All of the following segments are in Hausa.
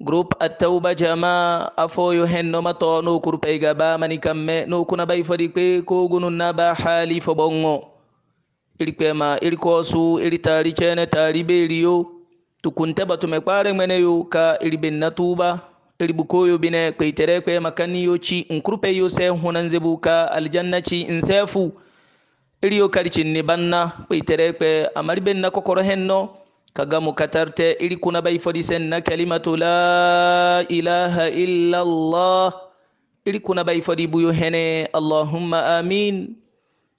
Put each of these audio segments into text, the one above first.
group attauba jama afoyo hennoma to nokur payga bamani kamme nokuna bay fadi ke kogunu naba hali fo bongo iri kema iri kosu iri tari chene tari beriyo tukunte batume kware mene yo ka iri bin natuba iri bukoyo bine kwitere kwe makani yo chi nkurpe yo se hunanze buka aljanna chi nsefu iri yo kari chinni banna kwitere kwe amari bin nakokoro henno kagamu katarte ili kuna bay fodisen na kalimatu la ilaha illa allah ili kuna bay fodi hene allahumma amin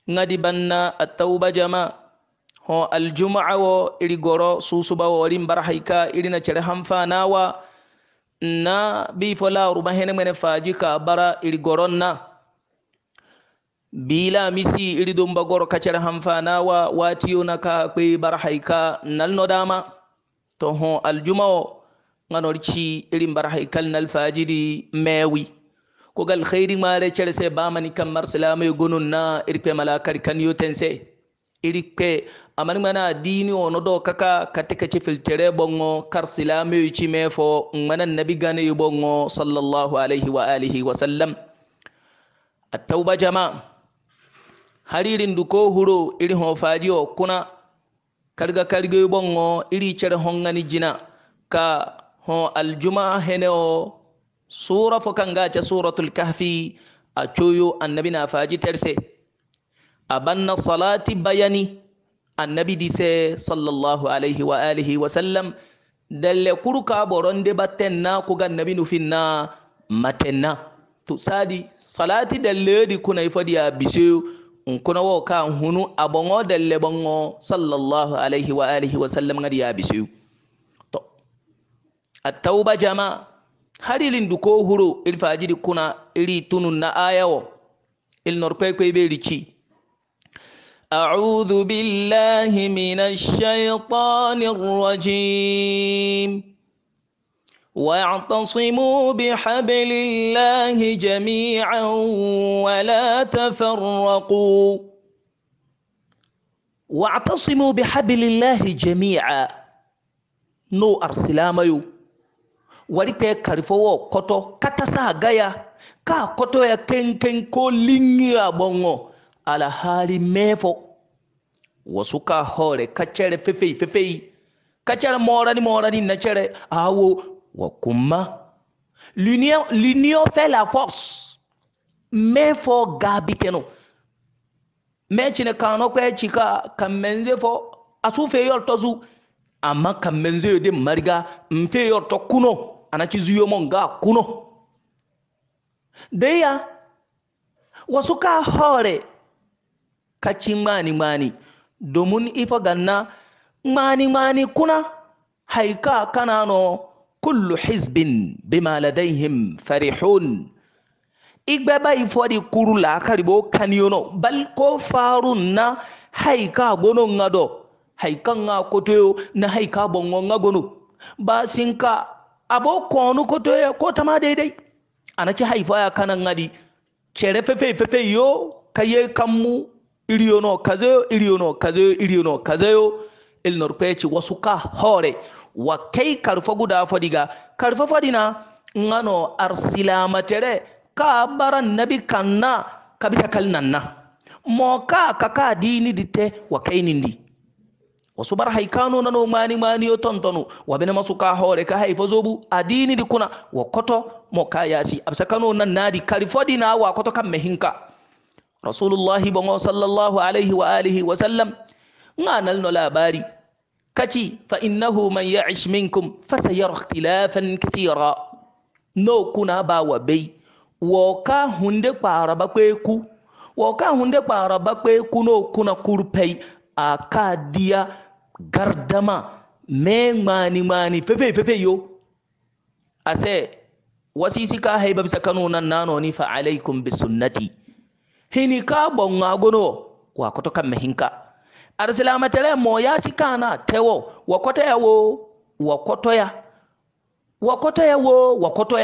ngadi banna attauba jama ho aljumaa wo ili goro susuba wo rin bar ili na cere hamfa nawa na bifola rubahene lauruma mene faji bara ili goron na bila misi iri iridum bagor wa hanfanawa na ka kwe bar haika nalno dama to ho aljumao ganorci irin bar haikal nal fajiri mewi kogal khayri mare cerese bamani kam marsilamay gonun na pe malakar kan yotense pe amani mana dini ono do kaka katika ci filtere bongo kar silamay ci mefo Mana nabi gane bongo sallallahu alaihi wa alihi wa sallam at-tauba jama'a haririn du ko huro iri ho fajiyo kuna karga karge bongo iri cere hongani jina ka ho aljuma heneo sura fo ca suratul kahfi a coyo annabi na faji terse a banna salati bayani annabi dise sallallahu alaihi wa alihi wa sallam dalle kurka boronde batten na kuga annabi nufin na matenna to sadi salati dalle di kuna faɗi a biseyo nkuna wo ka hunu da dalle o sallallahu alaihi wa alihi wa sallam ngadi ya bisu to at-tauba jama hari du ko huro il fajiri kuna iri tunun na ayawo il norpe kwe be rici a'udhu billahi minash الشيطان rajim. واعتصموا بحبل الله جميعا ولا تفرقوا واعتصموا بحبل الله جميعا نو أرسلاميو walite karifowo koto kata sa gaya ka koto ya kenken ko lingira bongo ala hali mefo wasu ka hore kacere fefei fefei kacere morani morani na cire awo wa kuma l'union l'union fait la force mais fo gabi keno mais cine kano kwe chika kamenze fo asu fe yol tozu amma kamenze yode mariga mfe yol to kuno anachizu yomo nga kuno deya wasu ka hore kaci mani mani domin ifa ganna mani mani kuna haika kana no kullu hizbin bima ladaihim farihun igbe bai fodi kurula akari bo kaniyono bal ko farun na haika gono ngado haika nga kotoyo na haika bongo nga gono basinka abo konu kotoyo ko tama daidai Ana ci haifa ya kana ngadi cere fefe fefe yo kaye kammu iriyono kazeyo iriyono kazeyo iriyono kazeyo ilnorpeci wasu ka hore wa kai karfa guda fadiga karfa fadina ngano matere ka baran nabi kanna kabisa kalnan na mo ka kaka dini dite wa kai nindi wasu bar haikano na no mani mani yo tontonu wa bin masu ka hore ka haifa zobu adini di kuna wa koto mo ka yasi absa kano nan nadi karfa dina wa koto kan mehinka rasulullahi bango sallallahu alaihi wa alihi wa sallam nganal no labari kaci fa innahu man ya minkum fasayara ikhtilafan kathira no kuna ba wa bai wo hunde kpara ba kweku wo hunde kpara ba kweku no kuna kurpai aka diya gardama me ngmani ngmani fefe fefe yo ase wasisi ka haiba bisa kano nan nano ni fa alaikum bi sunnati hini ka bon ngono wa koto kan mahinka arsilamatɛlɛ mɔya si kan na tɛwɔ wɔkɔtɔya wo wakoto ya wo wakoto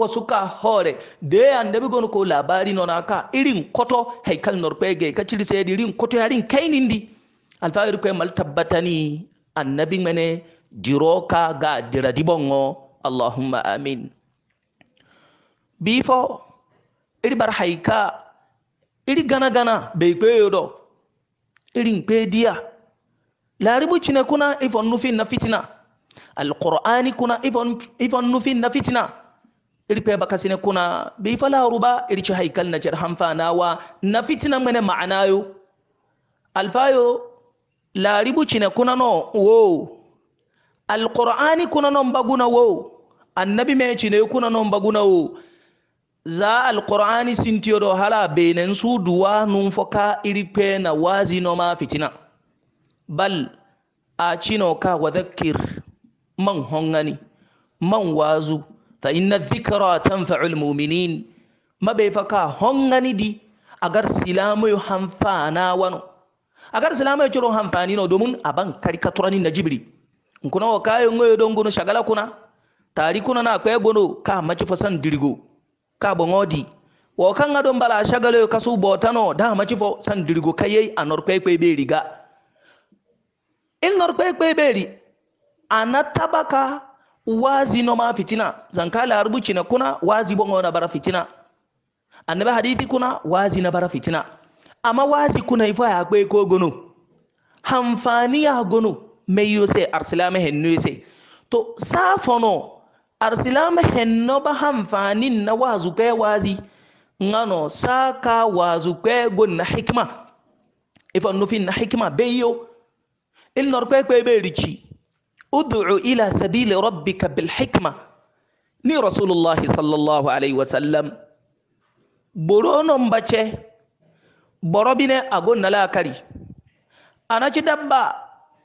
wasu ka hore da ya da bi gonu ko labari nona ka irin koto haikal norpege ka ciri sai irin koto yarin kainin di alfa'ir ko mal tabbatani annabi mene diroka ga diradibongo allahumma amin bifo iri bar haika iri gana gana bai kweyo do irin pediya laribuci ne kuna ifon nufin na fitina alqur'ani kuna ifon nufin na fitina irpe baka sine kuna bi fala ba, irci haikal na jar hanfanawa na fitina mene ma'anayo alfayo laribuci ne kuna no wo alqur'ani kuna non baguna wo annabi me cine kuna non baguna wo za tiyo do hala benen suuduwa num fo na iri no ma fitina bal a cino ka zakir man hongani man wazu ta inna dhikra tanfau almu'minin mabe faka hongani di agar silamoyo hanfana wano agar silamoyo coro no domin aban karikaturani na jibri nkunawo kayo ngoyo dongo no shagala kuna tari kuna na akwai gono ka maci fasan dirgo ka ngodi wo kan adon bala shagalo kasu botano da ci fo san dirgo kaye a norkwai kwe be riga in norkwai kwe be ri anatabaka wazi no ma fitina zankala harbuci na kuna wazi bongo na bara fitina annabi hadithi kuna wazi na bara fitina amma wazi kuna ifa ya kwe ko gono hamfani ya gono me yose arsilama hennu yose to safono arsilama henno ba hanfanin na wazu kai wazi ngano saka wazu kai gon na hikima ifa nufin na hikma beyo il nor kai kai be rici ud'u ila sabili rabbika bil hikma ni rasulullah sallallahu alaihi wasallam boro non bace boro bine agon na lakari dabba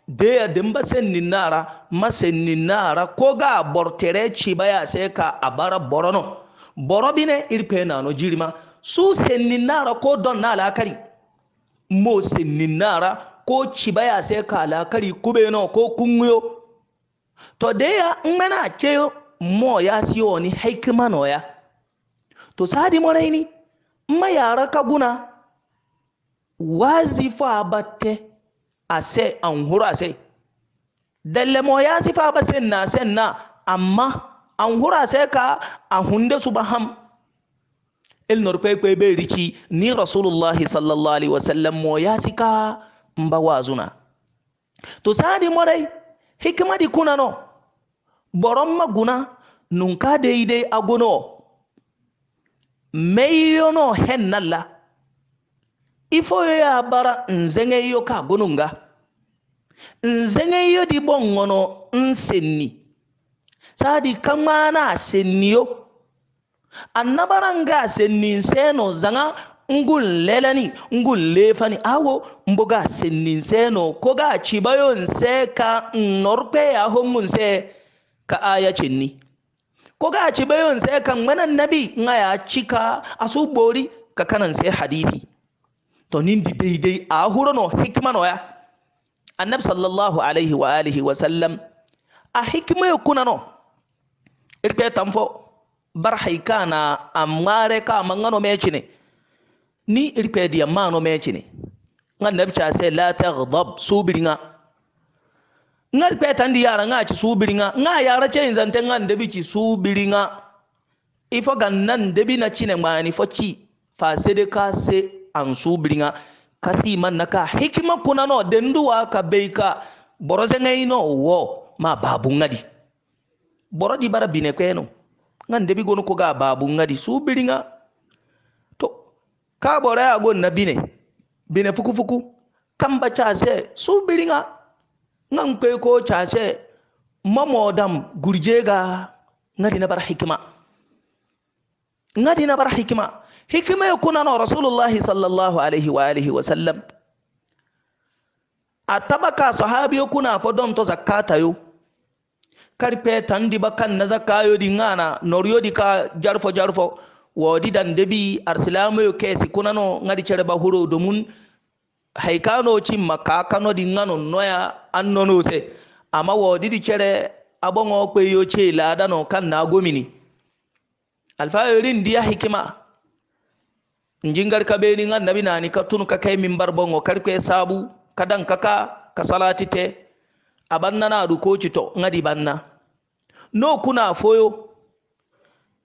deya din basen ninara masen nara ko ga bortere ci baya sai ka abara borono borobine irpe na no jirima su sen nara ko don na lakari mo sen nara ko ci baya sai ka lakari kube no ko kunyo to deya mmena ce mo ya siyo ni hikima no ya to sadi moraini mma yara kaguna wazifa batte ase an hura se dalle mo ya sifa ba senna senna amma an hura se ka a hunde su ba ham il nor pe pe be riki ni rasulullahi sallallahu alaihi wasallam mo ya sika mba wazuna to sadi dai, hikima di kuna no boron maguna nunka daidai agono mai yono hen nalla ifo yo ya bara nzenge yo ka gununga nzenge yo di bongono nsenni sadi kamana senniyo annabaranga senni seno zanga ngun lelani ngun lefani awo mboga sennin seno koga cibayo nse ka norpe ya hongun nse ka aya cinni koga cibayo nse ka ngmanan nabi ngaya cika asu bori ka kanan se hadithi to dai dai, a n'o no ya annab sallallahu alaihi wa alihi wa sallam a hikmayo kunano irke tan fo barhay kana a ŋmaare ka ma ŋano mecine ni irke diya mano mecine ŋa nabi case la tagdab subiriŋa Nga irke tandi yara ŋa ci subiriŋa Nga yara ce inzante ŋa ndebi ci subiriŋa ifo ganna ndebi na cine ŋmaani fo ci fa sede ka se an subriŋa kasi man naka hikima kuna no denduwa ka beika ka boroze ŋei no wo ma babu ngadi borodi bara bine kweno ngan debi gonu ko ga babu ngadi su subiriŋa to ka boraya gon na bine bine fukufuku kamba su subiriŋa ngan kwe ko case mamodam gurjega ngadi na bara hikima ngadi na bara hikima hikima ya kuna na rasulullahi sallallahu alaihi wa alihi wa sallam atabaka sahabi kuna don to zakata yo karpe tandi bakan na zakayo di ngana noriyo di ka jarfo jarfo wodi dan debi arsilamu yo kesi kuna no ngadi cere ba huro domun haikano cin makakano di ngano noya annono se amma wodi di cere abon o pe yo ce ladano kan na gomini alfayorin diya hikima jingar ka beni ngan nabi nani ka tunu ka kai mimbar bongo kar ko sabu kadan kaka ka salati te abanna na du ko cito ngadi banna no kuna foyo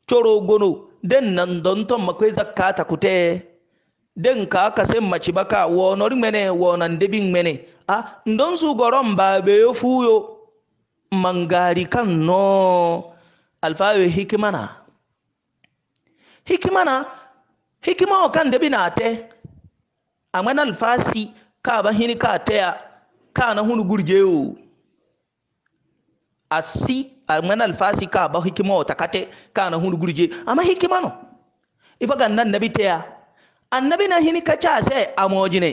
coro gono den nan don ton makwai zakka kute den ka ka sen maci baka wonor mene wonan debin mene a ah, ndon su goron ba be fuyo mangari kan no alfayo hikimana hikimana hikima wo kan debi naate aŋa na lifaasi ka a ba hini ka a teya ka a na hunu gurjeyo a si aŋa na lifaasi ka a ba hikima wo takate ka a na hunu gurje ama hikima no ifa gaŋ na nabi teya annabi na hini ka case a moojine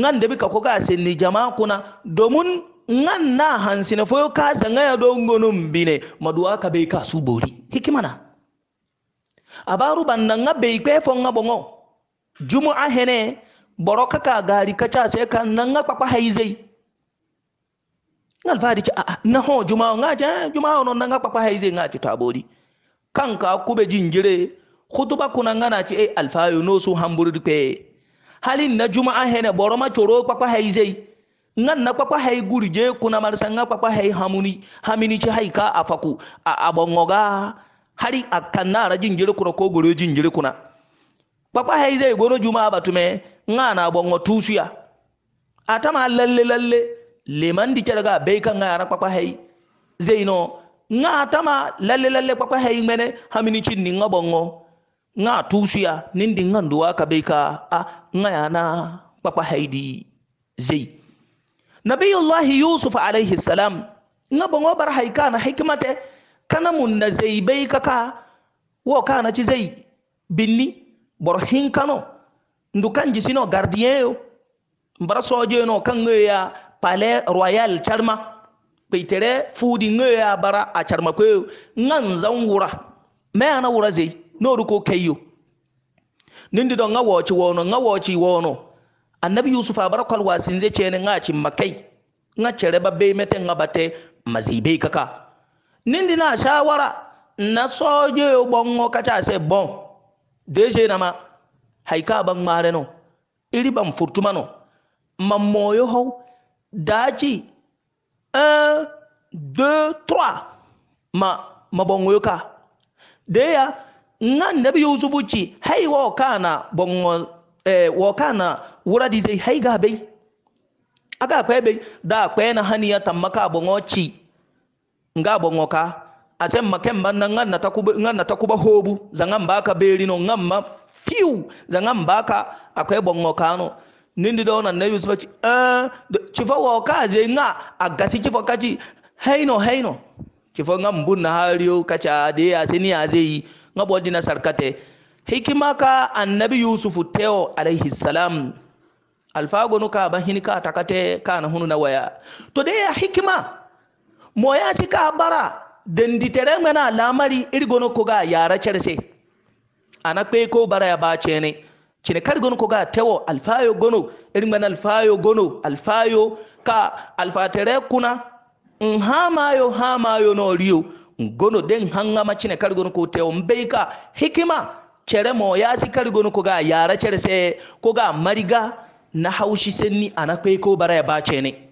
ŋan debi ka koga a senni jamaa kuna domun ŋan na hansine foyo kaasa ŋa ya do ŋonombine maduwa ka be ka a suu boori hikima na abaru banda nga be ikwe fonga bongo jumu ahene boro kaka gari kacha se kan nanga papa haizei ngal fadi cha na ho juma nga cha eh, juma no nanga papa haizei nga tabori kanka kube jingire khutuba kunanga na chi e eh, alfa yo no su hamburu pe halin na juma ahene boro ma choro papa haizei ngan na papa hay gurje kuna mar sanga papa hay hamuni hamini chi hay ka afaku abongoga hari a kanna ara jinjiri kuna ko gori jinjiri kuna kpakpa ha izai goro juma abatume nga na bongo tusu ya atama lalle lalle leman di kere ga beika nga ara kpakpa ha izai no nga atama lalle lalle kpakpa ha izmene hamini chini nga bongo nga tusu ya nindi nga nduwa ka beika a nga ya na kpakpa ha izai zai nabiyullahi yusuf alaihi salam nga bongo bar haika na hikmate kana mun na zai bai kaka wo kana ci zai binni bor hin kano ndukan ji sino gardien yo mbara soje no kan ya palais royal charma peitere fudi ya bara a charma ko ngan zan wura me ana wura zai no ruko kayo nindi don ngawoci wono ngawoci wono annabi yusuf wasin zai ce cene ngacin makai nga cereba be mete ngabate mazibei kaka nindi na shawara na soje bongo kacha se bon deje nama haika ban mare no iri ban furtuma no mamoyo ho daji 1 2 3 ma ka de ya nga nabi yusufu hai wo kana bongo eh wo kana wura dizai hai ga bai aga da na haniya tammaka bongo nga bongoka. bongo ka asemma kemba na nganna takuba nganna takuba hobu zangamba ka berino ngamma fiu zangamba mbaka akwai bongo kano nindi do nan na yusufa ci eh cifa wa e ka je nga agasi cifa kaci heino heino cifa ngam bunna hariyo kaca de ya sini ya zai nga bo na sarkate hikima ka annabi Yusuf teo alaihi salam alfago nuka bahin ka takate kana hunu na waya to de ya hikima moya ka bara tere ŋmena lamari ko ga yara cerse ana kai ko bara ya ba cene cine kar gono ko ga tewo alfayo gono iri ŋmena alfayo gono alfayo ka alfatere kuna nhamayo hamayo no riyo gono den ma cine kar gono ko tewo mbeika hikima cere moya si kar gono ko ga yara cerse ga mariga na haushi senni ana kai ko bara ya ba cene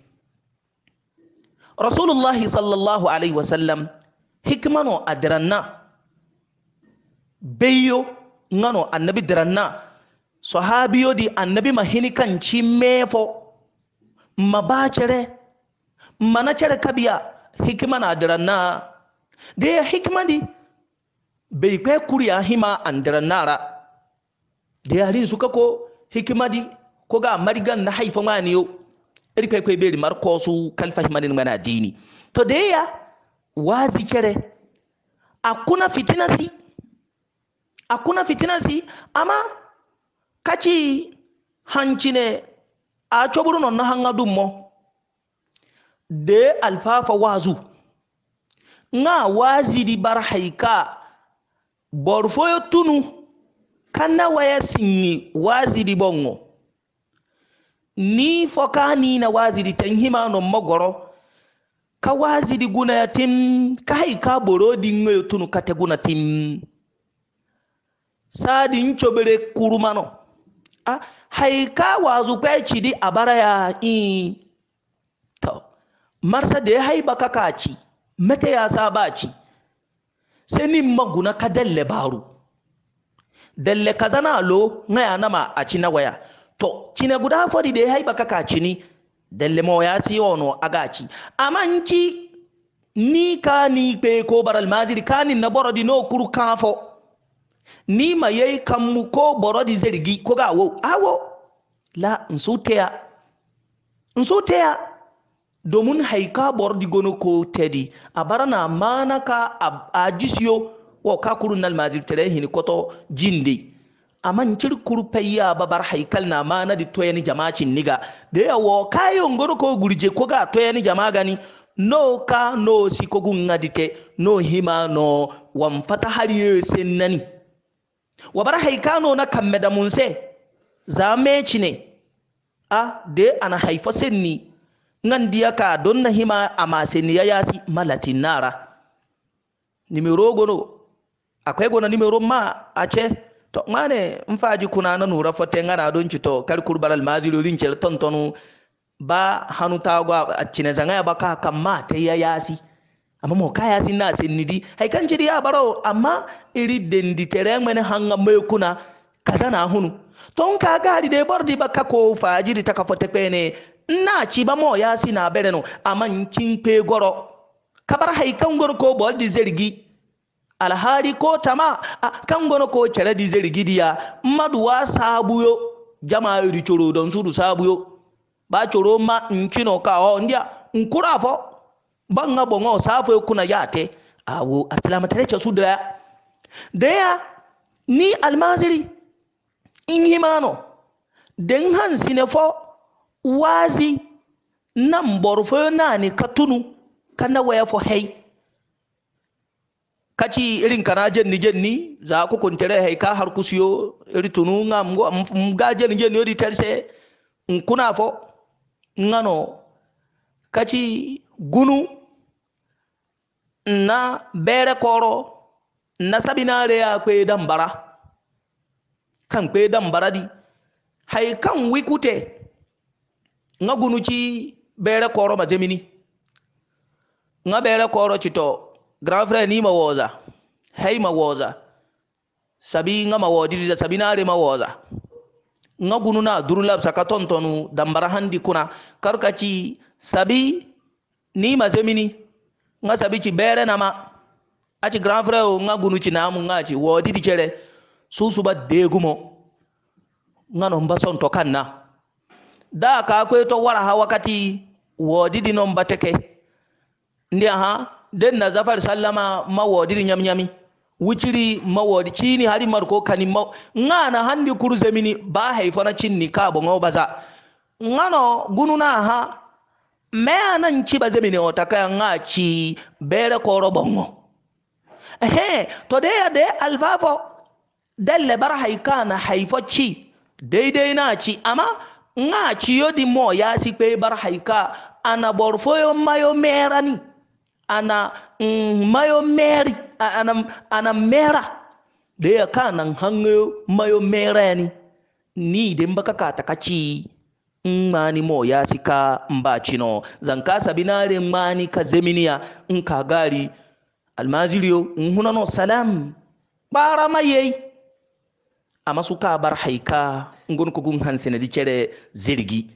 rasulullahi sallallahu alaihi wasallam hikmano a diranna beyo ngano annabi diranna sahabiyo di annabi mahini kanci mefo mabacere manacere kabiya hikima na diranna da ya hikima di bai kai kuriya hima an ra? da yarin suka ko hikima di ko ga marigan na haifa yau? eri kwe kwe beri mar kosu kan fahimanin mana dini to ya wazi kere akuna fitina si akuna fitina si ama kaci hancine a coburu non na hanga dummo de alfafa wazu nga di bar haika borfoyo tunu kanna waya singi di bongo ni ni na waziri tan hima no magoro ka waziri guna ya tim ka hai ka di ngoyo tunu kate guna tim sadi kuruma kurumano a ah, hai ka wazu kwe chidi abara ya i to marsa de hai baka kaci mete ya sabaci sai ni maguna ka dalle baru dalle kazana lo ngaya nama a ci na waya to cine guda fodi de hay baka kacini da mo ya si ono agaci amanci ni ka ni pe ko baral maziri ni na borodi no kuru kafo ni ma yai kammu ko borodi zargi ko ga wo awo la nsuteya nsuteya domin haika borodi gono ko tedi mana manaka a jisiyo wa kakurun na maziri tere hini koto jindi aman cirkur payya babar haikal na mana di toyani jamacin niga da yawo kayon goro ko gurje ko ga toyani jama'a gani no ka no si ko gunga dite no hima no wan fata har sen nani wabar haikano na kamme da mun se zameci ne a de ana haifa senni ngan diya ka don na hima ama senni ya yasi malatin nara nimero gono akwai gona nimero ma a ce to mane n faji kuna na nura fote ana don to kar kurbar almaziro rin kel tontonu ba hanu go a cine zanga ya baka kan ma ta ya yasi amma mo ka yasi na sin nidi hay kan ya baro amma iri dendi tere han hanga mai kuna kaza na hunu ton ka gari de bordi baka ko fajiri ta ka fote ne. na ci ba mo yasi na bere no amma kin pe goro kabar hay kan gor ko di zergi alhaali ko tama a kan kangono ko ceradi zerigidiya mmadu wa saabuyo jamayori coro don sudu saabuyo ba coro ma nkino ka o ndia nkura fo banga bongo safo kuna yate awo atlama terecha sudra deya ni almaziri in himano den hansine fo wazi nan borfo nani katunu kana waya fo hei kaci irin kana jenni jenni za ku kuntere hay ka har kusiyo iri tunu nga mga jenni jenni yodi terse kuna fo ngano kaci gunu na bere koro na re ya kwe dambara kan kwe dambara di hay kan wikute nga gunu ci bere koro jemini nga bere koro to grand frère ni ma woza hay ma woza sabi nga ma wodiri da sabi nare ma woza nga gunu na durulab saka tontonu dambara handi kuna karkaci sabi ni ma zemini nga sabi ci bere nama aci grand frère o nga gunu ci namu nga ci wodiri cere susuba degumo nga no mba son to kanna da ka to wara ha wakati wodidi no mba teke ndi aha den na zafar sallama mawodi nyam nyami wuciri mawodi chini hari marko kani ma ngana handi kuruze mini ba na cinni ka bongo baza ngano gununa ha mea nan ci baze mini otaka ngachi bere koro bongo ehe to de ya de alfafo dalle bar haikana haifo ci daidai na ci amma ngachi yodi mo ya si pe bar haika ana yo mayo merani ana mm, mayo meri ana, ana mera da ya ka nan hanyo mayo mera ni ni idan baka ka takaci in mani mo ya sika in ba cino zan ka sabinare mani ka zeminiya in ka gari almaziriyo in huna no salam bara maye a su ka bar haika ngun kugun hansi na jikere zirgi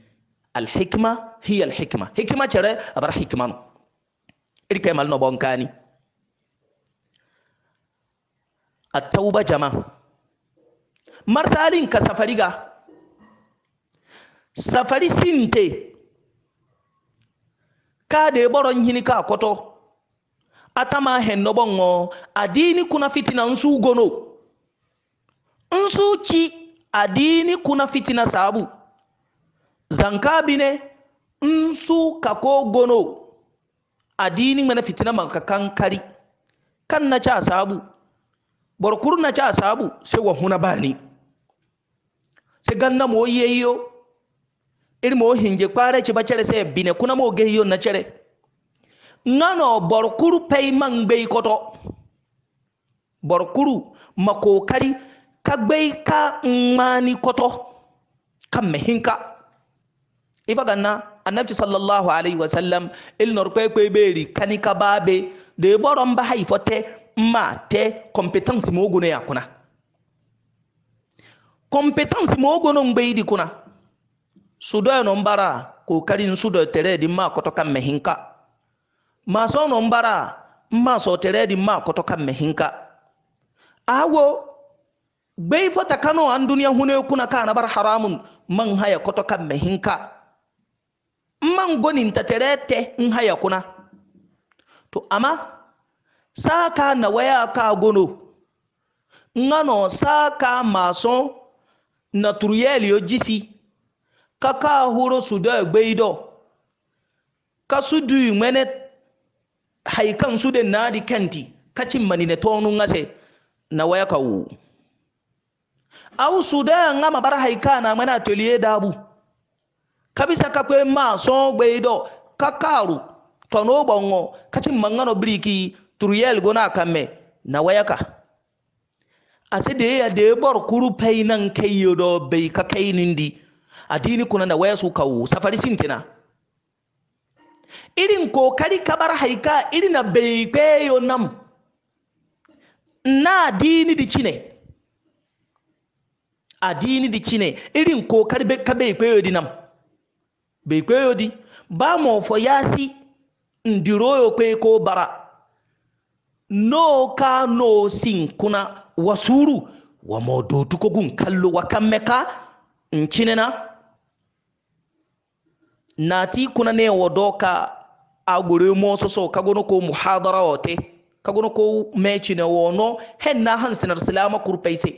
alhikma hiya alhikma hikma cere abar hikma no irke mal no bonkani attauba jama marsalin ka ga safari sinte kade boron hini ka koto atama hen no bongo adini kuna fitina nsu gono nsu ci adini kuna fitina sabu zankabine nsu kako gono adini mana fitina maka kankari kan na ci asabu barkur na ci asabu sai wa huna bani sai ganna mo yeyyo iri mo hinje kware ci bacere sai bine kuna mo yiyo na cere ngano barkur pay man gbei koto borkuru makokari ka gbei ka mmani koto kan mehinka ifa ganna annabi sallallahu alaihi wasallam ilnor kwekwe beri kanika babe da ya boro ba haifo te ma te competence ma ogono ya kuna competence ma ogono mgbe idi kuna sudo ya no mbara kokarin sudo tere di ma koto kan mehinka so no mbara ma so tere di ma koto kan mehinka awo gbei fota kano an duniya hune kuna kana bar haramun man haya koto kan mehinka man gonin ta terete in haya kuna to amma saka na waya ka gono ngano saka maso na turiyeli yo jisi kaka huro da gbeido ka su du mene haikan su na di kanti kacin mani ne tonu ngase na waya ka wu au da ngama bar haika na mana atelier dabu kabisa kakwe ma son gbeido kakaru tono bongo kati mangano briki turiyel gona kame na wayaka ase de ya de bor kuru pay nan kayo do be ka kay nindi adini kuna na wayasu kawo safari sintina irin kokari kabar haika irin na bai peyo nam na adini di chine adini di chine irin kokari ka bai peyo di nam kwayo di ba mo fo yasi yo kwe ko bara no ka no sin kuna wasuru wa modo dotuko gun kallo wa kammeka ncinena nati kuna ne wodo ka agore mo soso kagono ko muhadara wote kagono ko mechi ne wono henna hansinar salama kurpaise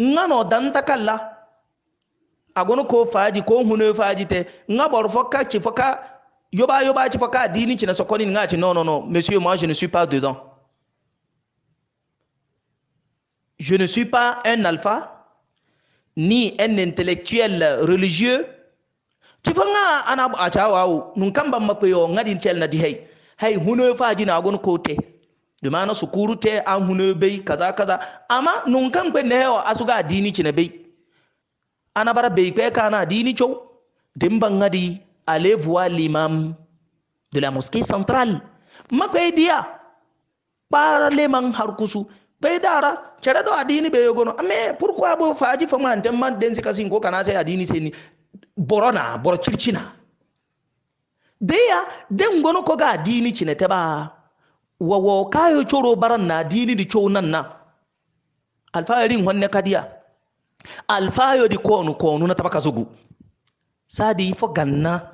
ngano dantakalla kalla agono ko faji ko hune faji te nga bor foka ci foka yoba yoba ci foka dini ci na sokoni nga ci non non non monsieur moi je ne suis pas dedans je ne suis pas un alpha ni un intellectuel religieux ci fa nga ana a cawawo nun kan ban mako yo ngadin cel na di hay hay hune faji na agono ko te da ma na sukuru te an hune bai kaza kaza amma nun kan kwen ne yawa ga dini ci na bai ana bara bai kwe kana dini cho dimban ngadi alevuwa l'imam de la mosquée centrale makwe dia para le leman harkusu bai dara kare do adini bai yogono ame pourquoi bo faji fa man antan man den sika sin ko kana sai adini sai ni borona bor chirchina dia den gono ko ga adini chine te ba wawo kayo choro baran na adini di chou nan na alfa alfa'irin honne kadia alfayodi konu konu na tabaka zugu sadi fo ganna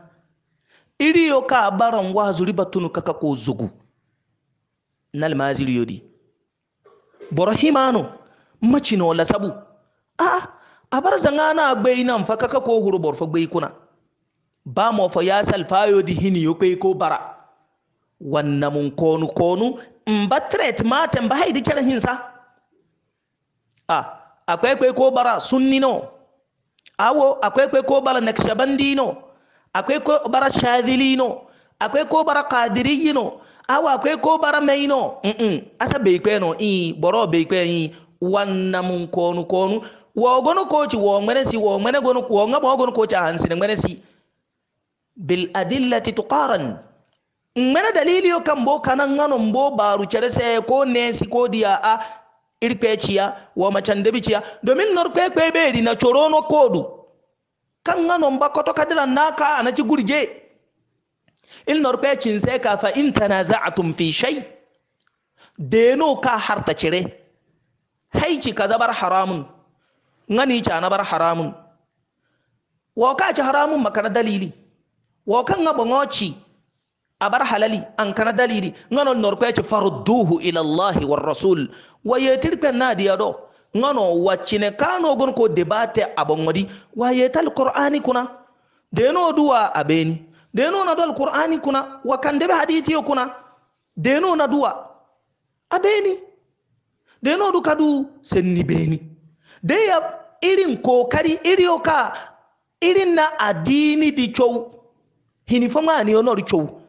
yo ka baran wazuri batunu kaka ko zugu di yodi boro no la sabu. a ah, a ah, bar zanga na gbei nan fa kaka ko huru bor fa gbai kuna ba mo fa ya salfayo di hini yo kai ko bara wannan mun konu konu in ba threat ma tan ba haidi kira hinsa a ah, akwekwe ko bara sunni no awo akwekwe ko bara nakshabandi no akwai ko bara shadili no akwai ko bara qadiri no awo akwai ko bara mai no mm asa bai ikwe no i boro bai ikwe yi wanna mun konu konu wo gonu koci wo ngwene si wo ngwene gonu wo ngabo gonu koci hansi ngwene si bil adillati tuqaran ngwene dalili yo kambo kanan ngano mbo baru chere se ko si ko dia a wa wa candeɓiciya domin nor kpekpe ɓeeri na corono kodu kan ga ba koto naka naci gurje In nor sai ka fa in tanazaatum fi shay deno ka harta cire hayci kaza bar haramun ngani na bar haramun Wa ka ci haramun makana dalili Wa kan ga bangoci. abar halali an kana dalili ngano norpe ci farudduhu ila allah war rasul waye tirpe nadi diya do ngano wacine kano gon ko debate abongodi waye tal qur'ani kuna deno duwa abeni deno na dal qur'ani kuna wa be hadithi kuna deno na duwa abeni deno du kadu senni beni de ya irin kokari irioka irin na adini di chow hinifama ni onori chow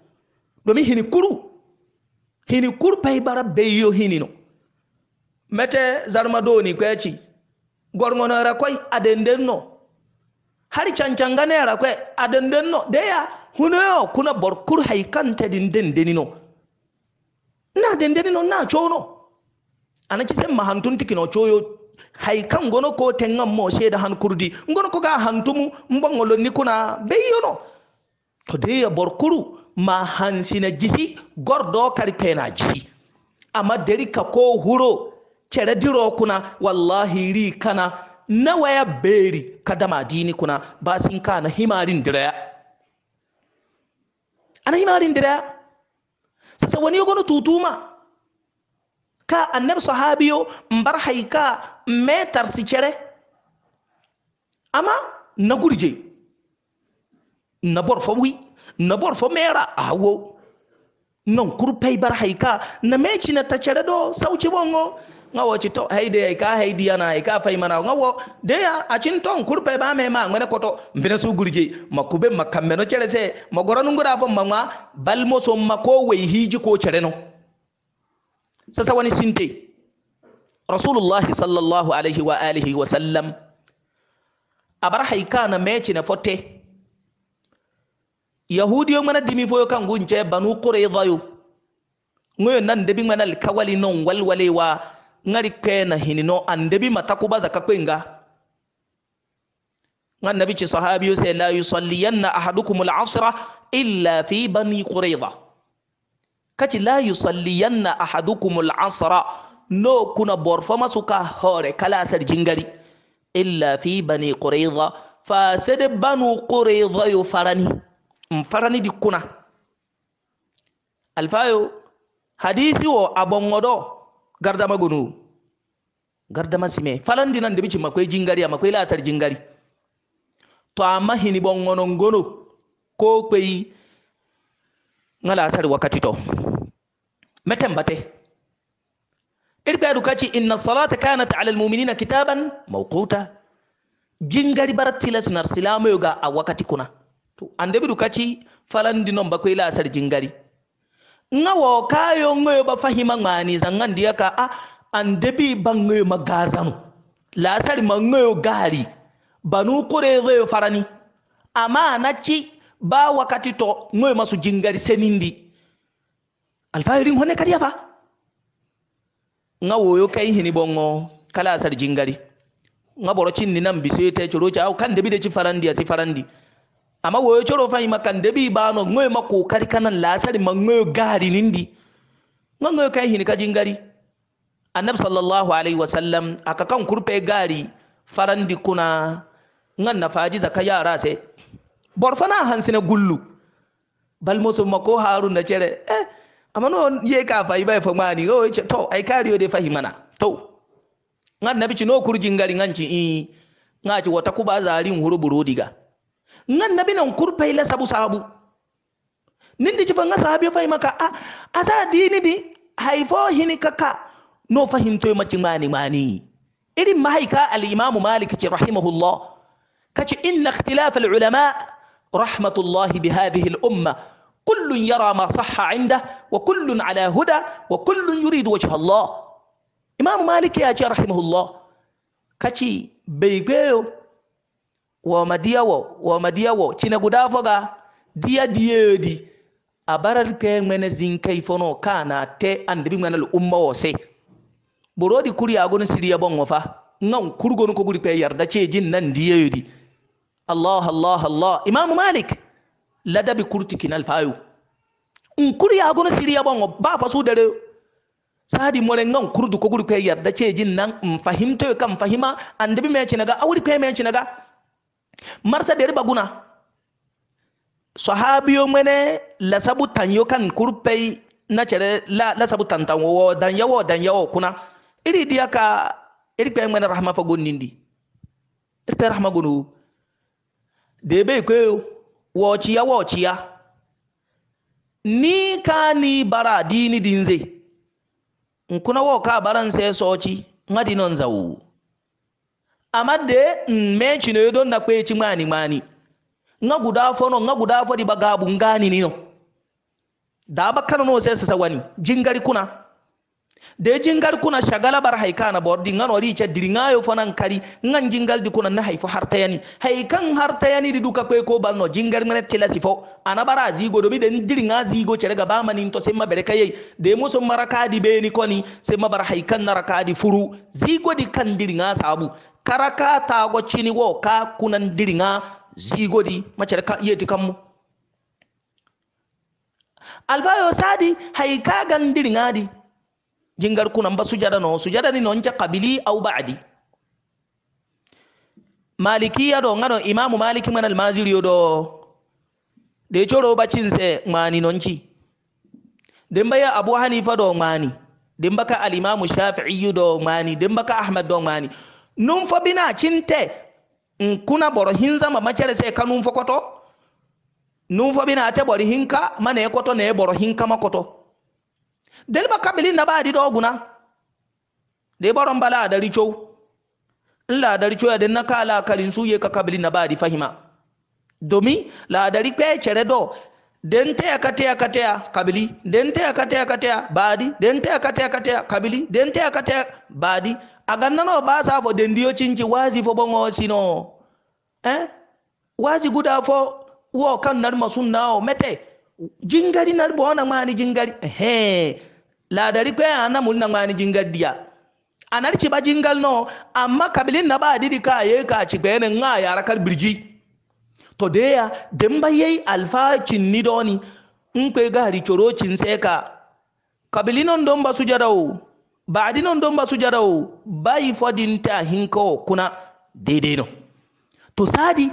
domin hini kuru hini kuru pay bara beyo hini no mete zarma doni kweci gorgono ra koy adenden no hari cancangane ra koy adenden no deya hunoyo kuna bor kur hay kante din den na den no na chono anaci sen mahantun tikino choyo hay kan gono ko tengan mo da han kurdi gono ko ga hantumu mbongolo nikuna beyo no to deya bor kuru ma na jisi gordo na jisi amma dari ko huro cere diro kuna wallahi ri kana na waya beri ka dama dini kuna ba sun ka na himarin diraya ana himarin diraya sasa wani yogo tutuma ka annab sahabiyo mbar haika metar si cere amma na gurje na bor fawi. na bor fo mera awo non pay bar haika na mechi na tacere do sauchi bongo ngawo ci to haide ka haidi yana ka fay mana ngawo de ya a cin ton pay ba me ma ngene koto mbene su gurje makube makamme no chere se magoro nun fo mama bal mo so mako we hiji ko chere no sasa wani sinte rasulullahi sallallahu alaihi wa alihi wa sallam abar haika na mechi na fote yahudiyo mana dimi foyo kan gunce banu qurayzayo ngoyo nan debi mana alkawali wa walwalewa ngari hini hinino andebi matakuba kakwenga ngan nabi ci sahabiyo sai la yusalliyanna ahadukum al-asra illa fi bani qurayza kaci la yusalliyanna ahadukum al-asra no kuna borfa masuka hore kala sar jingari illa fi bani qurayza fa sai banu qurayza yo farani mfarani di kuna alfayo hadisi wo abongodo gardama magunu gardama sime falandi nan debi cimma koy jingari makwe la lasar jingari to amma hini bongono ngono ko koy ngala sar wakati to meten bate irka dukaci inna salata kanat ala almu'minina kitaban mawquta jingari baratila tilas nar silamu yoga a wakati kuna to ande bidu kaci falandi non bakwai la jingari nga wo kayo ngoyo ba fahima ngani zangan dia ka a ah, ande bi bangoyo magazam la asar mangoyo gari banu kore ngoyo farani amma na ci ba wakati to ngoyo masu jingari senindi alfayirin hone kadiya fa nga woyo kai hini bongo kala asar jingari nga boro cinni nan bisete coro ca kan debi de ci farandi asi farandi amma wo yoro fa ima kan debi bano ngoy ma ko kokari kanan lasari ma ngoy gari nindi ngoy kai hin ka gari annab sallallahu alaihi wasallam aka kan kurpe gari farandi kuna ngan na faji zaka yara se borfana hansina gullu bal musu mako haru na cere eh amma no ye ka fa ibai fa mani o ce to ai de dai fahimana to ngan nabi ci no kurjin gari ngan ci i eh, ngaci wata kuba zarin huru burodiga diga nan nabi nan kurpe la sabu sabu nindi ci fa nga sahabi fay maka a asa dini di haifo hini kaka no fahimto ci mani mani irin mahaika al imam malik ci rahimahullah kace inna ikhtilaf al-ulama rahmatullah bi hadhihi al-umma كل يرى ما صح عنده وكل على هدى وكل يريد وجه الله امام مالك يا malik الله ce rahimahullah woma wa woma wo cine guda foga diya diyeedi a baral pe ŋmene zinkey fono kana te andiri lu umma wo se kuri kuriyagonu siriya bonŋo fa kurgon ko koguri pe yarda jin nan di. allah allah allah imamu malik ladabi kurti kinal fayu n kuriyagonu siriya wo ba fasu dare. sadi more ŋan kurdu koguri pe yarda jin nan n kam fahima andibi me cinaga awri pe me cinaga marsa deri baguna sahabiyo mene lasabu tanyo kan kurpei na chere la lasabu tantan wo dan yawo dan yawo kuna iri dia ka iri pe mene rahma fa nindi iri pe rahma gonu de be ko wo ciya wo ciya ni ka ni bara dini dinze nkuna wo ka baran se sochi ngadi non zawu amma de menci ne don na kweci mani mani nga guda fono nga guda fodi baga bungani ni no da ba kana no sai sa wani jingari kuna de jingar kuna shagala bar haikana bordi nga no rice diringa yo fonan kari nga jingal di kuna na haifu har tayani haikan har tayani di duka kwe ko no jingar mene tila sifo ana bara zigo bi de diringa zigo cere ga bamani to sai ma bere kayi de musu maraka di be ni koni sai ma bar haikan na raka di furu zigo di kan diringa sabu karaka go chini wo ka kunandiringa zigodi macere ka yeti kammu albayo sadi hay ka diringa di jingar kunan ba sujada no sujada ni nonca qabili aw ba'di ya do ngano imam maliki man maziri do de coro bacinse mani nonci demba ya abu hanifa do mani demba ka imam shafi'i do mani demba ka ahmad do mani nun fo bina cinte nkuna boro ma macere sai ka nun fo koto nun fo bina ate bori hinka mane koto ne boro hinka ma koto delba kabili na ba di doguna, guna de boron bala adari chow nla adari chow ya den nakala kalin suye ka kabili na ba di fahima domi la adari pe cere do den taya ka taya ka taya kabili den taya ka taya ka taya badi den taya ka taya ka taya kabili den taya ka taya badi A agannano basa fo dendiyo cinci wasi fo bongo no. eh wasi guda fo wo kan nar masunna o mete jingari nar bona mani jingari he ladari kwe ana mulna mani jingari dia anar ci ba jingal no amma kabilin na ba didi ka ye ka ci gbe ne nga yara kar birji to de ya demba yei alfa cin ni doni in kwe gari coro cin seka kabilinon don ba su jadawo Ba a non don ba su ba yi fadin ta hinkawo kuna daidai no to sadi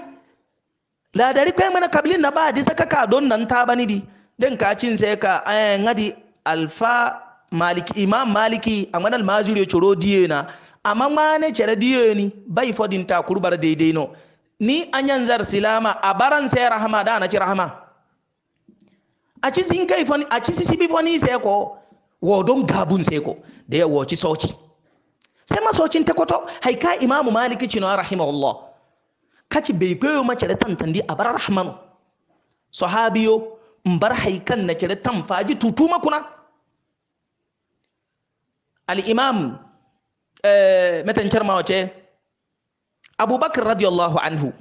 ladari kai mana kabilin na baadi saka ka don nan ta bani di den ka cin sai ka hadi eh, alfa maliki imam maliki amana ya choro diye na amma ne chere diye ni bayi ta kurbar daidai no ni anyan zar silama a baran sai rahama da na ci rahama a ci sin kai fani a ci sisi bi fani sai ko Wodon don gabun seko da ya woci soci sai masocin ta kwato haika imamu maliki cino rahimahullah kaci bai goyo mace da tantandi a bar rahmanu sahabiyo in bar haikan na kira tamfaji tutu makuna al'imam imam eh, matancar mawace abubakar radiyallahu anhu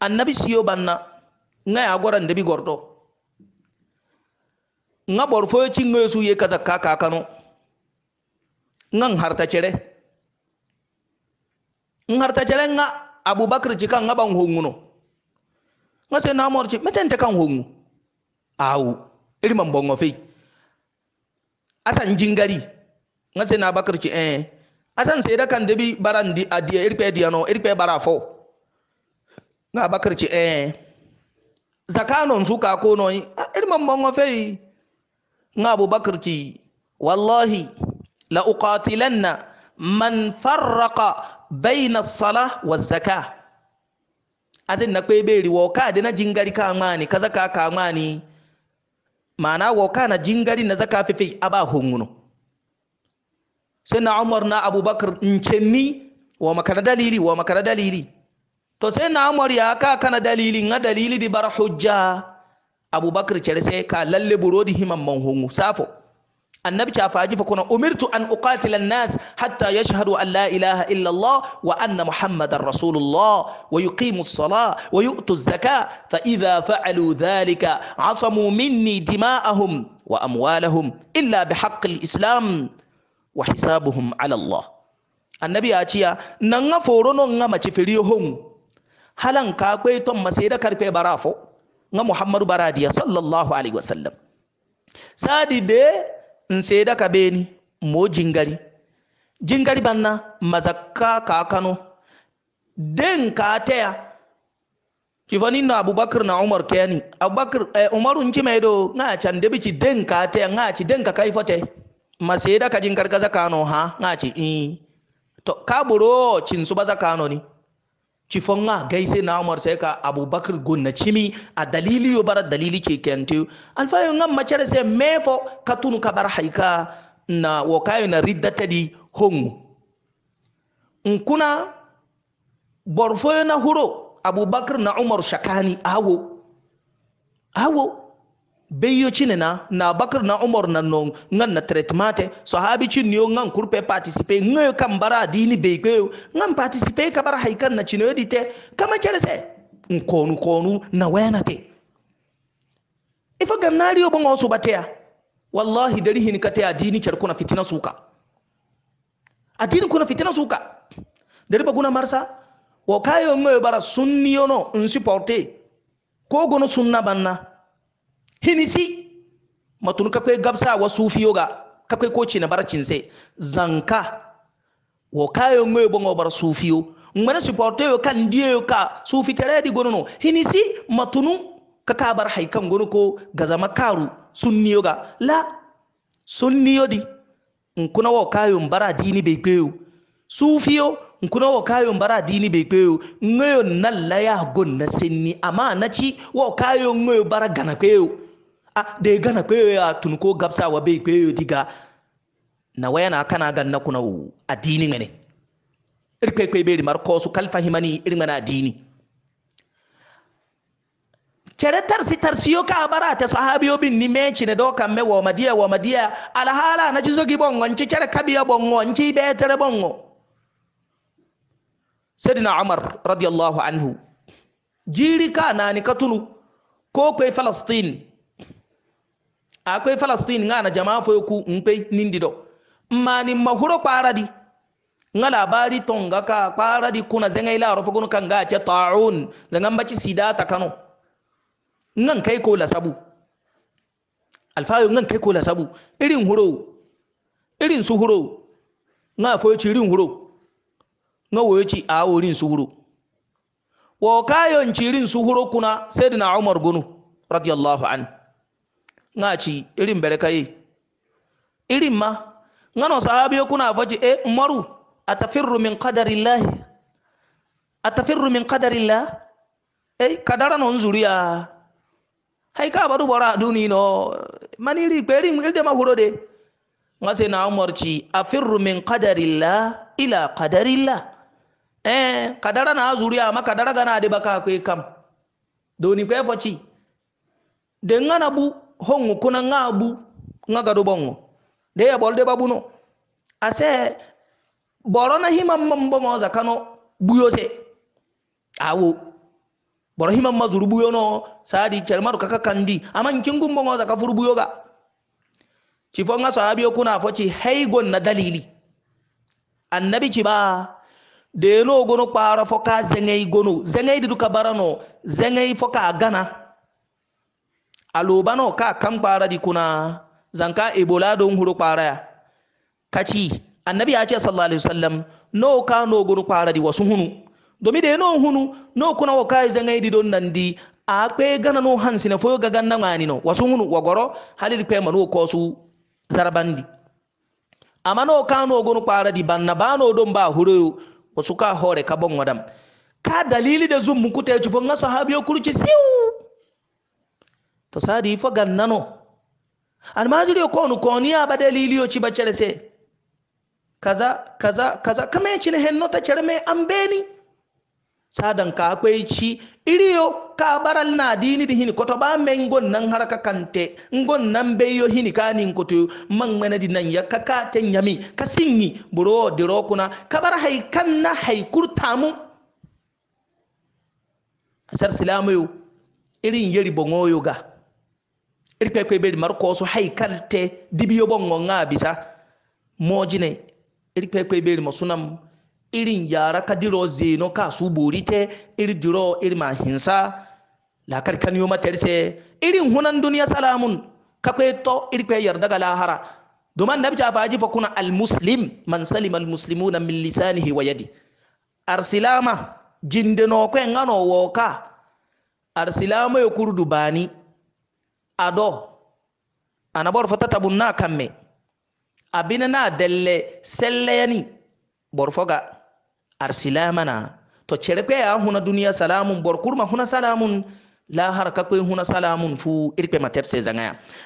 annabi siyo banna ngaya goran da bi gordo nga ci cinŋoyo su ye kaza ka ka nga n harta cere n harta cere nga abubakar ci kan nga ban honŋuno nga se mor ci te kan hongu awu iri man bongo fi asan jingari nga se na bakar ci eh asan da kan debi barandi adiye iri pe diyano iri pe bara fo nga bakar ci eh zakano su ka konoyi iri ah, man bonŋo fei nga abubakar ci wallahi la na man farraka bayna sala wa zaka. A azin na kwebe beri wo ka na jingari ka mani ka ka ka mani mana woka na jingari na zaka fefe aba hunguno sai na umar na abubakar ncenni wa makana dalili wa makana dalili to sai na umar ya ka kana dalili nga dalili di bar hujja abubakar cerese ka lalle burodi himan man hongu safo annabi ca faji fa kuna umirtu an uqatila nas hatta yashhadu an la ilaha illa allah wa anna muhammadar rasulullah wa yuqimu as-salah wa yu'tu az-zakah fa idha fa'alu dhalika asamu minni dima'ahum wa amwalahum illa bihaqqi al-islam wa hisabuhum ala allah annabi ya ciya nan ga foro non ga mace firiyo hon halan ka kwai masai da karfe barafo nga muhammadu baradiya sallallahu alaihi wasallam sadi nse da ka beni mo jingari jingari banna mazakka ka kano den ka teya kifani na abubakar na umar keni abubakar eh, umaru nci mai do nga can debi ci den ka teya nga ci den ka kaifate da ka jingari ka zakano ha nga ci i to ka buro cin su ba zakano ni a gaise na umar sai ka abubakar gonna cimi a dalili yo bara dalili ke kente alfa yo ngam macere sai mefo ka bar haika na wakayo na ta di hongu nkuna borfo na huro abubakar na umar shakani awo awo beyo chine na na bakar na umar na no ngan na tretmate sahabi chin niyo ngan kurpe participe ngayo kambara dini beyo ngan participe bara haikan na chine te, kama chelese nkonu konu na wena te ifa gannari yo osu so batea wallahi dari hin kate adini cer kuna fitina suka adini kuna fitina suka dari baguna marsa wo kayo ngayo bara sunniyo no nsiporte ko gono sunna banna hinisi matun kakwai gabsa wa sufiyo ga kakwai koci na barcin sai zanka wo kayo ngoy bongo bar sufiyo ngmana supporte yo kan yo ka sufi tere di no? hinisi matunu kaka bar haikan gono ko gazama karu sunni ga la sunniyo di nkuna wo kayo bara dini be kweyo sufiyo nkuna wo kayo bara dini be kweyo ngoyo nalla ya gonna amma ama ci wo kayo ngoyo bara gana kweyo a ah, de gana kwe ya ko gabsa wa bai kwe diga na waya na kana gan na kuna wu addini ne irkwe kwe bai mar ko su kalfa himani irin na addini cere tarsi tarsiyo ka bara ta sahabiyo bin ni menci ne do kan me wo madiya wo madiya alhala na jizo gi bongo nci cere kabiya bongo nci be bongo sayyidina Amar radiyallahu anhu jiri ka tunu katunu ko kwe falastin akwai falastin nga na jama'a fo ku mpe nindido ma ni mahuro kpara di nga labari tonga ka kpara di kuna zenga ila rofa kunu kanga ce ta'un zanga mbaci sida ta kano ngan kai ko la sabu alfayo ngan kai ko la sabu irin huro irin su huro nga fo ci irin huro nga wo ci a worin su huro wo kayon ci irin su huro kuna sayyidina umar gunu radiyallahu anhu nga ci irin yi? irin ma ngano sahabiyo kuna faji e eh, maru atafirru min qadarillah atafirru min qadarillah e eh, kadara non zuriya hay ka badu bora duni no Mani maniri gberi ngilde ma hurode ngase na umurci afirru min qadarillah ila qadarillah eh kadara na zuriya ma kadara gana de baka kai kam doni kwe faci dengana bu hongu kuna ngabu do bongo de ya bolde no ase borona himam mambo mo zakano buyo se awo boro himam mazuru buyo no sadi chelmaru kaka kandi ama nkingu mbongo zaka furu buyo ga cifonga sahabi kuna foci haigon na dalili annabi ci ba deno gono kpara foka zengei gono zengei diduka barano zengei foka gana alobano ka kan kwara di kuna zanka ebola don huru kwara ya kaci annabi ya ce sallallahu alaihi wasallam no ka no guru kwara di wasu hunu domin da no hunu no kuna wa kai zanga di don nan di a pe gana no hansi na foyo gagan na ngani no wasu hunu goro halil kwe manu ko su zarabandi amma no ka no guru kwara di banna ba no don ba huru wasu ka hore ka bon wadam ka dalili da zum mun kutai ya ci fon sahabiyo kurci siu to sadi fo gannano almajiri ko nu koniya ba daliliyo ci baccere se kaza kaza kaza kame cine henno ta cere me an beni sadan ka akwai ci iriyo ka baral na dini di hini koto ba men gon nan haraka kante ngon nan beyo hini kani koto man mena di nan ya kaka ten yami kasinyi buro diro kuna kabar haikan na haikur tamu asar silamu irin yari bongoyo ga irkwe kwe beri marko su haikalte dibiyo bongo nga bisa mojine irkwe kwe beri masunam Iri yara ka diro zeno ka su borite iri diro iri mahinsa. Lakari la karkan yo hunan duniya salamun ka to irkwe yarda ga lahara Duma nabi ta faji fa kuna almuslim man salima almuslimuna min lisanihi wa yadi arsilama jindeno kwe ngano woka arsilama yokurdu bani ado anabor fo tatabunna kamme abina na delle selleyani bor foga arsilamana to cerekwe ya huna duniya salamun bor kurma huna salamun la haraka kwe huna salamun fu irpe mater se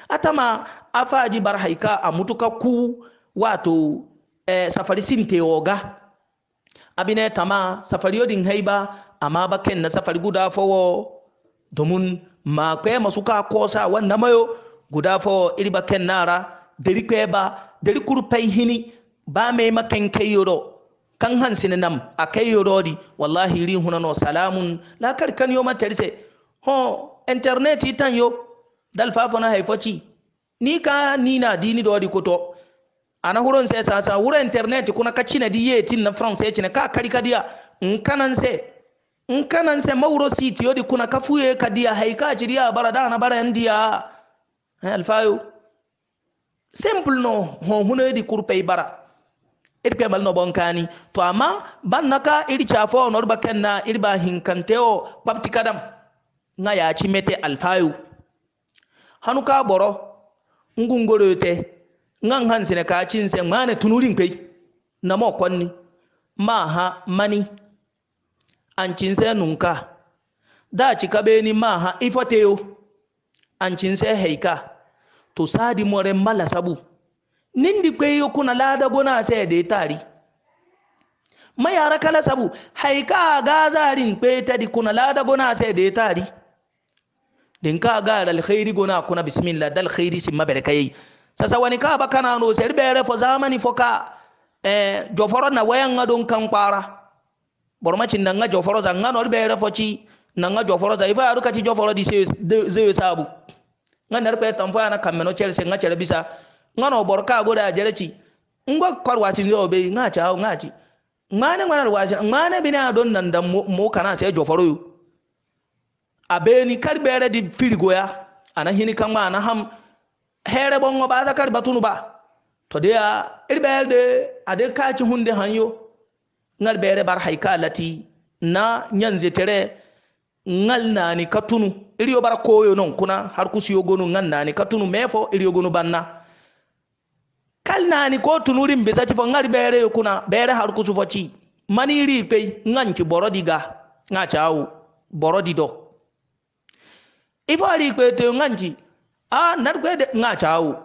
atama afaji barhaika amutuka ku wato eh, safari sinte oga abine tama safari yodin haiba amma bakken na safari guda fowo domin ma kwe ka kosa wannan mayo guda fo iriba ken nara dari kwe ba dari kurpai hini ba mai makan kai yoro kan hansin nam kai yoro di wallahi ri huna no salamun la kar kan yo matarse ho internet itan yo dal fafo na haifoci ni ka ni na dini do di koto ana huron sai sa wura internet kuna kacina di yetin na france ya cina ka kari kadiya in kanan sai nkanan se mawro siti yodi kuna kafuye kadiya haika jiriya bara dana bara ndiya eh, alfayo simple no ho huno yodi kurpei bara iri pe malno bonkani to amma bannaka iri chafo no ruba kenna iri ba hinkanteo papti kadam nga ya ci mete alfayo hanuka boro ngungorote ngan hansine ka cinse ngane tunurin kai namo konni ma ha mani anchinse nunka da chikabeni maha ifateo anchinse heika to sadi more mala sabu nindi kweyo kuna lada gona sai da tari mayara kala sabu haika gazarin kwe di kuna lada gona sai da tari din ka ga khairi gona kuna bismillah dal khairi simma barkai sasa wani ka ba kana no sai bere fo zamani fo ka eh joforo na wayan ngadon kan kwara bormacin nan ga joforo za nga nor bere foci nan ga joforo za ifa aruka ci joforo di se ze sabu nga nar pe tamfo ana kameno chelse nga chere bisa nga no borka goda jereci ngo korwa sin yo be nga cha nga ci ngane ngana wasi ngane bina don nan dan mo kana se joforo yu abeni kar bere di firgo ya ana hini kan ana ham here bongo ba zakar batunu ba to dia ya irbelde ade ka ci hunde hanyo ngal bere bar haikalati na nyanze tere ngal nani katunu iriyo bara koyo non kuna har kusiyo gonu ngal nani katunu mefo iriyo gonu banna kal nani ko tunurin bisa ci fo ngal bere yo kuna bere har kusu fo ci mani ri pe nganci borodi ga nga chawu borodi do ifo ri pe te nganci a nar kwe de nga chawu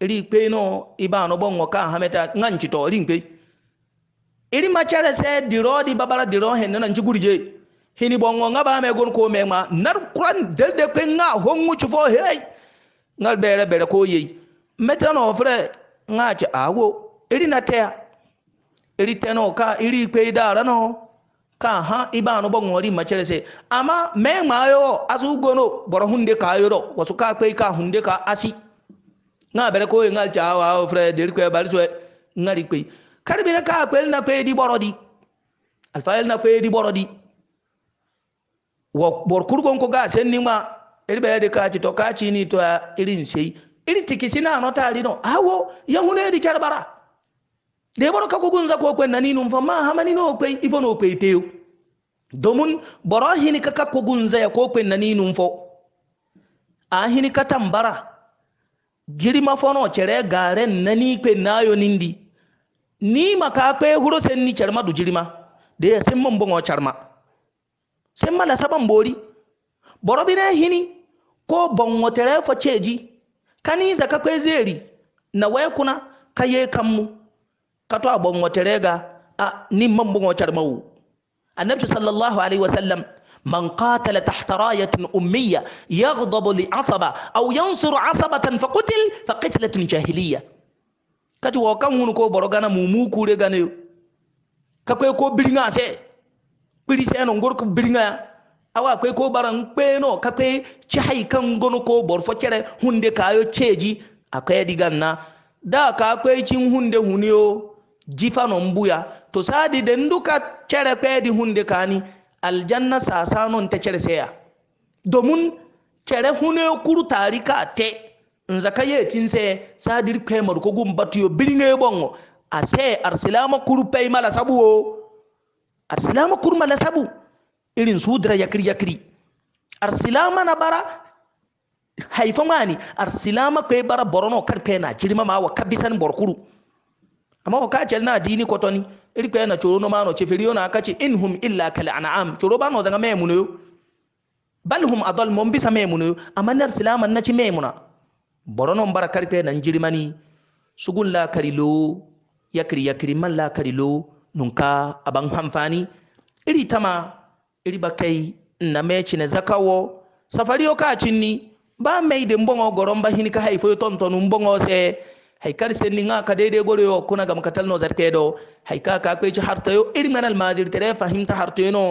ri pe no ibano bongo ka hameta nganci to ri pe iri macere se diro di babara diro hen nan jigurje hini bongo nga ba me gon ko me ma nar kuran del de pe nga hongu chufo hey ngal bere bere ko yi metano fre nga cha awo iri na te iri teno ka iri pe dara no ka ha iba no bongo ri macere se ama me ma yo asu gono boro hunde ka yoro wasu ka pe ka hunde ka asi nga bere ko ngal cha awo fre del ko bari so ngari pe karbina ka akwel na pedi borodi alfayel na pedi borodi wa borkurgon ko ga sen nima irbe yadi ka ci to ka ci ni to irin sei iri tiki sina no tari no awo yahune di charbara de boro ka kugunza ko kwen nani num fama hamani no kwen ifo no kwen teo domin boro hini ka ka kugunza ya ko kwen nani num fo a hini ka tambara girma fono chere garen nani kwen nayo nindi ni maka kwe huro sen ni charma du jirima de sen mon bongo charma sen mala saban bori boro bine hini ko bongo tere fa cheji kani za ka kwe zeri na waye kuna kaye kammu ka to bongo tere ga a ni mon bongo charma wu annabi sallallahu alaihi wasallam من قاتل تحت راية أمية يغضب لعصبة أو ينصر عصبة فقتل فقتلة جاهلية kati wa? kan hunu ko boro gana mu mu kure gane yo ka kwe ko biringa se biri se no ngor ko biringa awa kwe ko baran kwe no ka kwe chai kan gono ko bor fo chere hunde kayo cheji akwe na. da ka kwe chin hunde hunio jifa no mbuya to sadi den duka chere kwe di hunde kani aljanna sasano nte chere seya domun chere hunio kuru tarika te nzaka tinse cinse sadir kemar ko gum batiyo bilinge bongo ase arsilama kuru pay mala sabu o arsilama kuru mala sabu irin sudra yakri yakri arsilama na bara haifa mani arsilama kai bara borono kar kai na jirma ma wa kabisan borkuru amma ko kacel na dini kotoni iri kai na choro no mano chefiriyo na akachi inhum illa kal an'am choro ba no zanga memuno yo bal hum adal mon bisa memuno yo amma nar silama na ci memuna boronon bara karfe nan jirmani sugun la karilo yakiri yakiri man la karilo nunka aban hamfani iri tama iri bakai na meci na zakawo safari yo kacin ni ba mai da mbongo goron ba hini ka haifo tontonu mbongo se haikar sen ni ka daidai gore yo kuna ga katal no zarke do haika ka kai ci harta yo iri manal mazir tare fahimta harta yo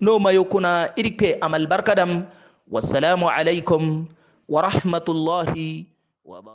no mayo kuna iri ke amal barkadam wassalamu alaikum wa rahmatullahi What about?